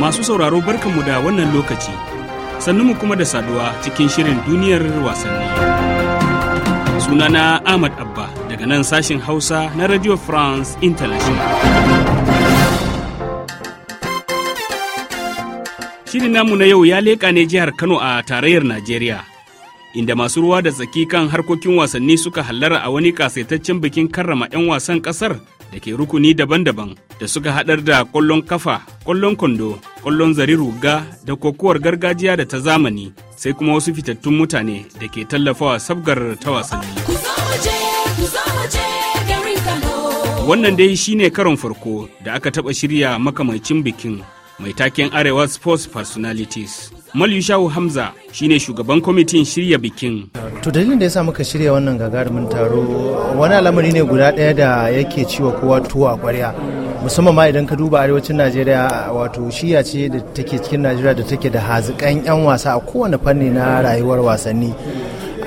Masu sauraro barkanmu da wannan lokaci, sannu mu kuma da saduwa cikin shirin duniyar wasanni. Sunana Ahmad Abba daga nan sashin Hausa na Radio France International. Shirin namu na yau ya leƙa ne jihar Kano a tarayyar Najeriya. Inda masu ruwa da tsaki kan harkokin wasanni suka hallara a wani kasaitaccen bikin karrama 'yan wasan ƙasar da ke rukuni daban-daban da suka haɗar da ƙwallon kafa, ƙwallon kondo ƙwallon zari ruga da kokowar gargajiya da ta zamani sai kuma wasu fitattun mutane da ke tallafawa sabgar ta wasanni. Wannan dai shine karon farko da aka taɓa shirya makamancin bikin mai taken Arewa Sports Personalities. shahu Hamza shi ne shugaban kwamitin shirya bikin. To dalilin da ya sa muka shirya wannan gagarumin taro wani al'amari ne guda ɗaya da yake ciwa kowa tuwa kwarya. Musamman ma idan ka duba arewacin Najeriya wato shiya ce da take cikin Najeriya da take da hazikan 'yan wasa a kowane fanni na rayuwar wasanni.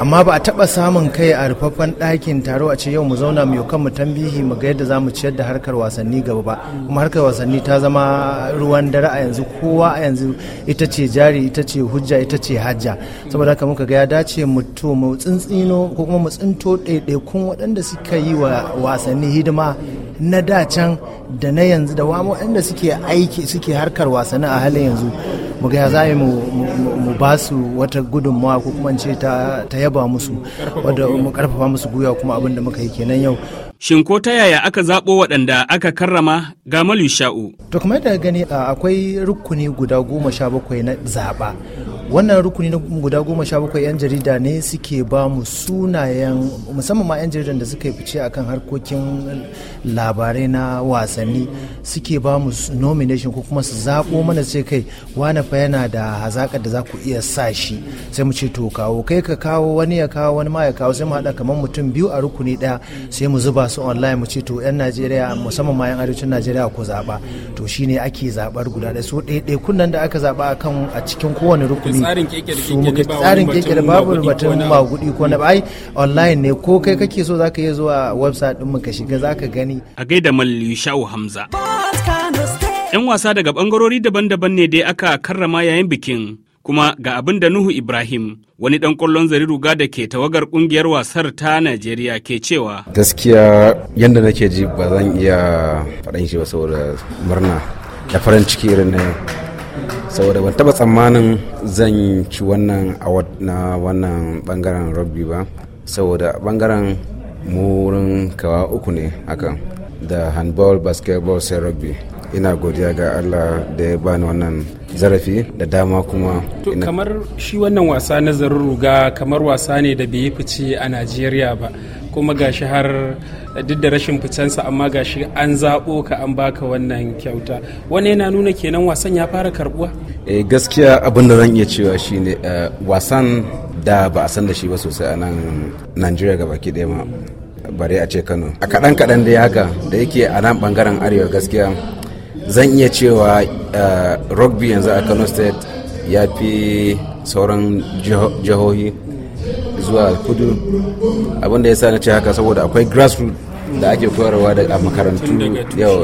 amma ba a taɓa samun kai a rufaffen ɗakin taro a ce yau mu zauna mu mu tambihi mu ga yadda za mu ciyar da harkar wasanni gaba ba kuma harkar wasanni ta zama ruwan dare a yanzu kowa a yanzu ita ce jari ita ce hujja ita ce hajja saboda haka muka ga ya dace mu to mu tsintsino ko kuma mu tsinto ɗaiɗaikun waɗanda suka yi wa wasanni hidima na da can da na yanzu da wamo inda suke aiki suke harkar wasanni a halin yanzu mu ga za mu mu ba su wata gudunmawa ko kuma ce ta yaba musu wadda mu karfafa musu gwiwa kuma abin da muka yi kenan yau Shin ko ta yaya aka zaɓo waɗanda aka karrama ga sha'u To kuma da gani akwai rukuni guda goma sha bakwai na zaɓa wannan rukuni na guda goma sha bakwai 'yan jarida ne suke ba mu sunayen musamman ma 'yan jaridan da suka yi fice akan harkokin labarai na wasanni suke ba mu nomination ko kuma su zaɓo mana ce kai wani fa yana da hazaƙar da za ku iya sa shi sai mu ce to kawo kai ka kawo wani ya kawo wani ma ya kawo sai mu haɗa kamar mutum biyu a rukuni ɗaya sai mu zuba su online mu ce to 'yan najeriya musamman ma 'yan arewacin najeriya ku zaɓa to shine ake zaɓar guda ɗaya so ɗaiɗaikun nan da aka zaɓa akan a cikin kowane rukuni tsarin keke da tsarin babu batun gudi ko na bai online ne ko kai kake so zaka iya zuwa website din mu ka shiga zaka gani a gaida mallu shau hamza 'yan wasa daga bangarori daban-daban ne dai aka karrama yayin bikin kuma ga abin da nuhu ibrahim wani dan kwallon zari ruga da ke tawagar kungiyar wasar ta najeriya ke cewa gaskiya yadda nake ji ba zan iya faɗin shi ba saboda murna da farin ciki irin ne. saboda ban taba tsammanin zan ci wannan award na wannan bangaren rugby ba saboda bangaren murin kawa uku ne akan da handball basketball sai rugby ina godiya ga allah da ya bani wannan zarafi da dama kuma kamar shi wannan wasa na ga kamar wasa ne da bai yi fice a najeriya ba kuma gashi har duk da rashin fitansa amma gashi an zaɓo ka an baka wannan kyauta wani yana nuna kenan wasan ya fara karbuwa e, eh, gaskiya abin da zan iya cewa shine eh, wasan da ba a san da shi ba sosai a nan najeriya gaba ɗaya ma bare a ce kano a kaɗan kaɗan da haka da yake a nan ɓangaren arewa gaskiya zan iya cewa eh, rugby yanzu a kano state ya fi sauran jihohi zuwa kudu abinda ya sa na ce haka saboda akwai grassroots da ake koyarwa daga makarantu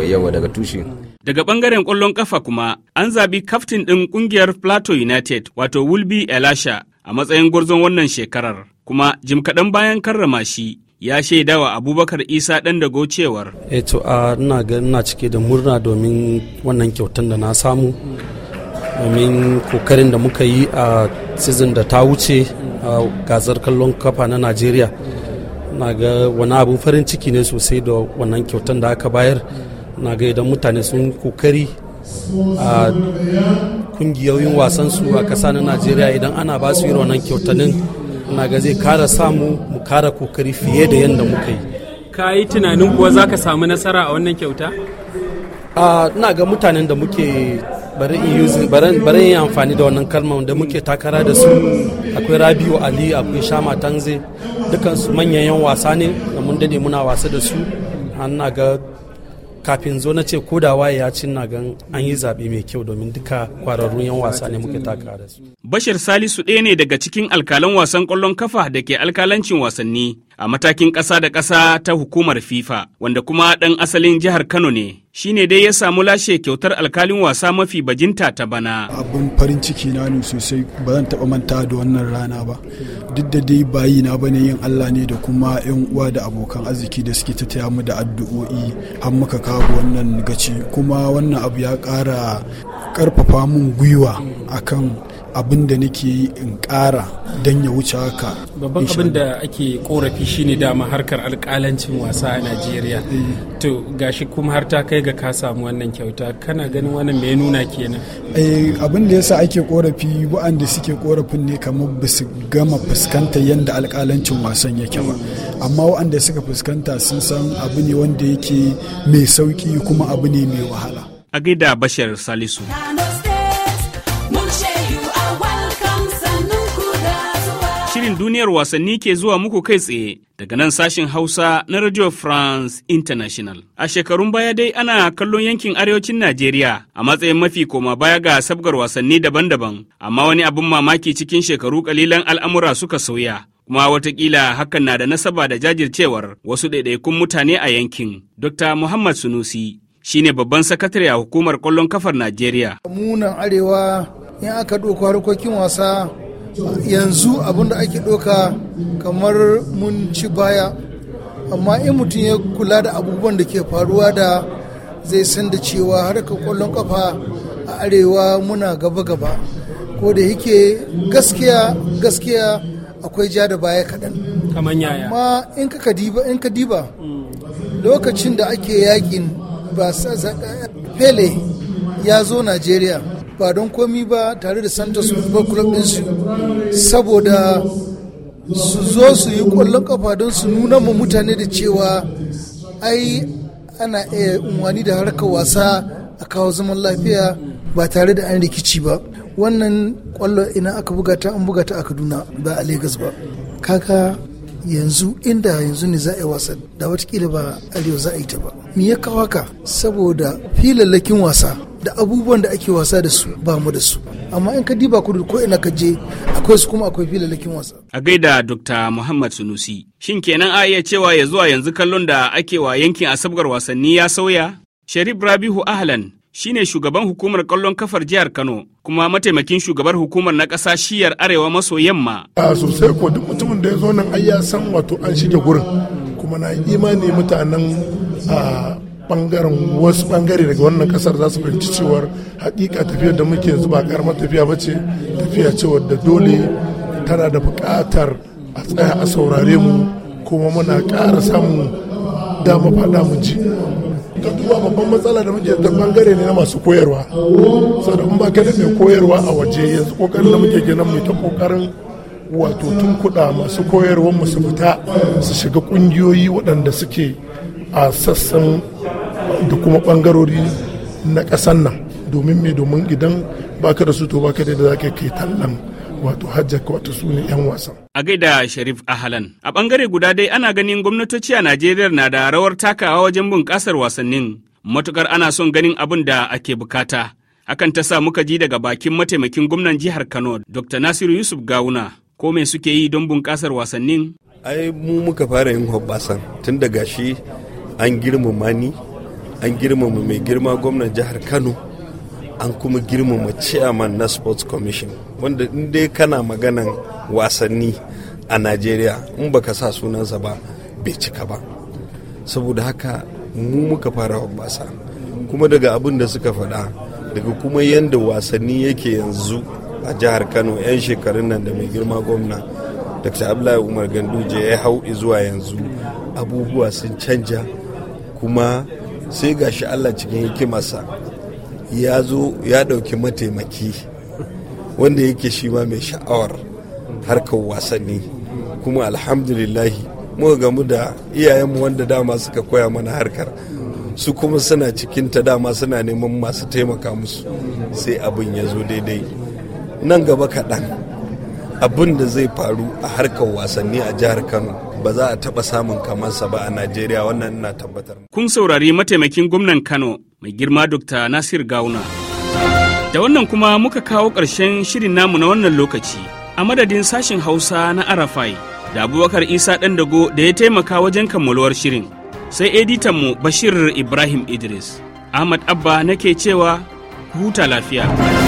yawa daga tushe daga bangaren kwallon kafa kuma an zabi kaftin ɗin ƙungiyar plateau united wato wulbi elasha a matsayin gwarzon wannan shekarar kuma jim kaɗan bayan karrama shi ya shaida wa abubakar isa ɗan dago cewar e to a ina ga ina cike da murna domin wannan kyautan da na samu domin kokarin da muka yi a season da ta wuce Uh, gazar kallon kafa na najeriya na ga wani abin farin ciki ne sosai da wannan kyautan da aka bayar na ga idan mutane sun kokari a kungiyoyin su a kasa na najeriya idan ana ba su irin wannan kyautanin na ga zai kara samu mu kara kokari fiye da yadda muka yi ka yi tunanin kuwa za ka samu nasara a wannan kyauta ina ah, ga mutanen da muke bari in yi amfani da wannan kalmar da muke takara da su akwai rabiu ali akwai shama tanze dukansu manyan yan wasa ne da mun dade muna wasa da su an na ga kafin zo na ce koda waye ya cin na gan an yi zaɓe mai kyau domin duka kwararrun 'yan wasa ne muke takara da su. Bashir Salisu ɗaya ne daga cikin alkalan wasan kwallon kafa da ke alkalancin wasanni. a matakin ƙasa da ƙasa ta hukumar FIFA wanda kuma ɗan asalin jihar Kano ne. Shi ne dai ya samu lashe kyautar alkalin wasa mafi bajinta ta bana. Abin farin ciki na ne sosai ba zan taɓa manta da wannan rana ba. Duk da dai bayi na bane yin Allah ne da kuma 'yan uwa da abokan arziki da suke ta mu da addu'o'i har muka kawo wannan gaci kuma wannan abu ya ƙara karfafa mun gwiwa akan abin da nake yi in ƙara don ya wuce haka babban abin da ake korafi shine dama harkar alƙalancin wasa a najeriya eh. to gashi kuma har ta kai ga ka samu wannan kyauta kana ganin wannan me nuna kenan eh, abin da yasa ake korafi wa'anda suke korafin ne kamar ba su gama fuskantar yadda alƙalancin wasan yake ba amma waɗanda suka fuskanta sun san abu ne wanda yake mai sauki kuma abu ne mai wahala a gaida bashar salisu Shirin duniyar wasanni ke zuwa muku kai tsaye daga nan sashin Hausa na Radio France International. A shekarun baya dai ana kallon yankin arewacin Najeriya a matsayin mafi koma baya ga sabgar wasanni daban-daban, amma wani abin mamaki cikin shekaru kalilan al'amura suka sauya. kuma watakila hakan na da nasaba da jajircewar wasu ɗaiɗaikun mutane a yankin. Dr. Muhammad Sunusi shine babban sakatare a hukumar kwallon kafar Najeriya. Munan arewa in aka ɗauko harkokin wasa yanzu abinda ake ɗauka kamar mun ci baya amma in mutum ya kula da abubuwan da ke faruwa da zai san da cewa ka kwallon kafa a arewa muna gaba-gaba ko da yake gaskiya gaskiya akwai ja da baya kaɗan amma in ka diba in ka diba lokacin da ake yakin ba pele ya zo najeriya ba don komi ba tare da santos football club su. saboda su zo su yi kwallon kafa don su nuna ma mutane da cewa ai ana iya unwani da harkar wasa a kawo zaman lafiya ba tare da an rikici ba wannan kwallo ina aka buga ta an buga ta a kaduna ba a Legas ba kaka yanzu inda yanzu ne za a yi wasa da watakila ba arewa za a yi ta ba me ya kawo ka saboda filallakin wasa da abubuwan da ake wasa da su ba mu da su amma in ka diba kudu ko ina ka je akwai su kuma akwai filalakin wasa a gaida dr muhammad sunusi shin kenan a iya cewa ya zuwa yanzu kallon da ake wa yankin asabgar wasanni ya sauya sharif rabihu ahlan shine shugaban hukumar kallon kafar jihar Kano kuma mataimakin shugabar hukumar na kasa shiyar arewa maso yamma. A sosai ko duk mutumin da ya zo nan ai ya san wato an shige gurin kuma na imani mutanen bangaren wasu bangare daga wannan kasar za su fahimci cewar hakika tafiyar da muke yanzu ba karamar tafiya ba ce tafiya ce wadda dole tana da buƙatar a tsaya a saurare mu kuma muna ƙara samun dama faɗa mu ji ka duba babban matsala da muke da bangare ne na masu koyarwa saboda in ba kada mai koyarwa a waje yanzu kokarin da muke gina mu ta kokarin wato tun kuɗa masu koyarwa mu su fita su shiga ƙungiyoyi waɗanda suke a sassan da kuma bangarori na ƙasan nan domin me domin idan baka da su to baka da za ka ke tallan wato hajjaka wato su ne 'yan wasan. A gaida Sharif Ahalan. A bangare guda dai ana ganin gwamnatoci a Najeriya na da rawar takawa wajen bunƙasar wasannin. Matukar ana son ganin abin da ake bukata. Hakan ta sa muka ji daga bakin mataimakin gwamnan jihar Kano, Dr. Nasiru Yusuf Gawuna. Ko me suke yi don bunƙasar wasannin? Ai mu muka fara yin hoɓɓasan tun daga shi an girmama ni an girmama mai girma gwamnan jihar kano an kuma girmama chairman na sports commission wanda in dai kana maganan wasanni a nigeria in baka sa sunansa ba bai cika ba saboda haka mu muka fara wasa kuma daga abin da suka faɗa daga kuma yadda wasanni yake yanzu a jihar kano 'yan shekarun nan da mai girma gwamna dr abdullahi umar ganduje ya hau zuwa yanzu abubuwa sun canja kuma sai gashi allah cikin hikimarsa ya zo ya ɗauki mataimaki wanda yake shi ma mai sha'awar harkar wasanni kuma alhamdulillahi muka gamu da iyayenmu wanda dama suka koya mana harkar su kuma suna cikinta dama suna neman masu taimaka musu sai abin ya zo daidai nan gaba kaɗan abin da zai faru a harkar wasanni a jihar kano ba za a taɓa samun kamarsa ba a Najeriya wannan ina tabbatar. Kun saurari mataimakin gwamnan Kano mai girma Dr. Nasir Gauna. Da wannan kuma muka kawo ƙarshen shirin namu na wannan lokaci a madadin sashen Hausa na Arafai da Abubakar Isa ɗan dago da ya taimaka wajen kammaluwar shirin. Sai editan mu Bashir Ibrahim Idris. Ahmad Abba nake cewa huta lafiya.